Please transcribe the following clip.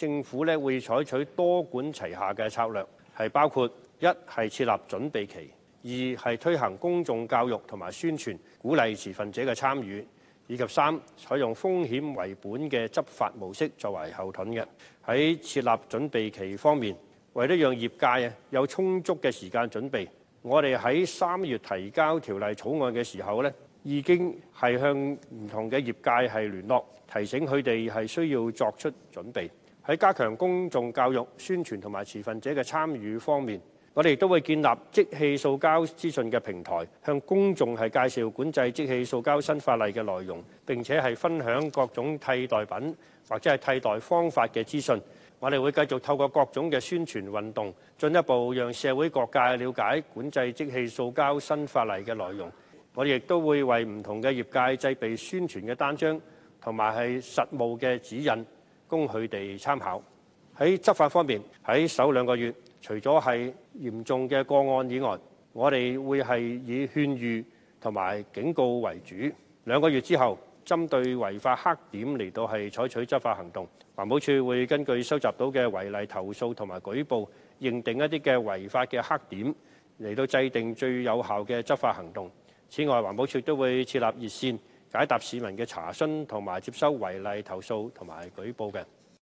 政府咧會採取多管齊下嘅策略，係包括一係設立準備期，二係推行公眾教育同埋宣傳，鼓勵持份者嘅參與，以及三採用風險為本嘅執法模式作為後盾。嘅喺設立準備期方面，為咗讓業界啊有充足嘅時間準備，我哋喺三月提交條例草案嘅時候咧，已經係向唔同嘅業界係聯絡，提醒佢哋係需要作出準備。喺加強公眾教育宣傳同埋持份者嘅參與方面，我哋亦都會建立即棄塑膠資訊嘅平台，向公眾係介紹管制即棄塑膠新法例嘅內容，並且係分享各種替代品或者係替代方法嘅資訊。我哋會繼續透過各種嘅宣傳運動，進一步讓社會各界了解管制即棄塑膠新法例嘅內容。我哋亦都會為唔同嘅業界製備宣傳嘅單張同埋係實務嘅指引。供佢哋參考。喺執法方面，喺首兩個月，除咗係嚴重嘅個案以外，我哋會係以勸喻同埋警告為主。兩個月之後，針對違法黑點嚟到係採取執法行動。環保署會根據收集到嘅違例投訴同埋舉報，認定一啲嘅違法嘅黑點，嚟到制定最有效嘅執法行動。此外，環保署都會設立熱線。解答市民嘅查詢同埋接收違例投訴同埋舉報嘅。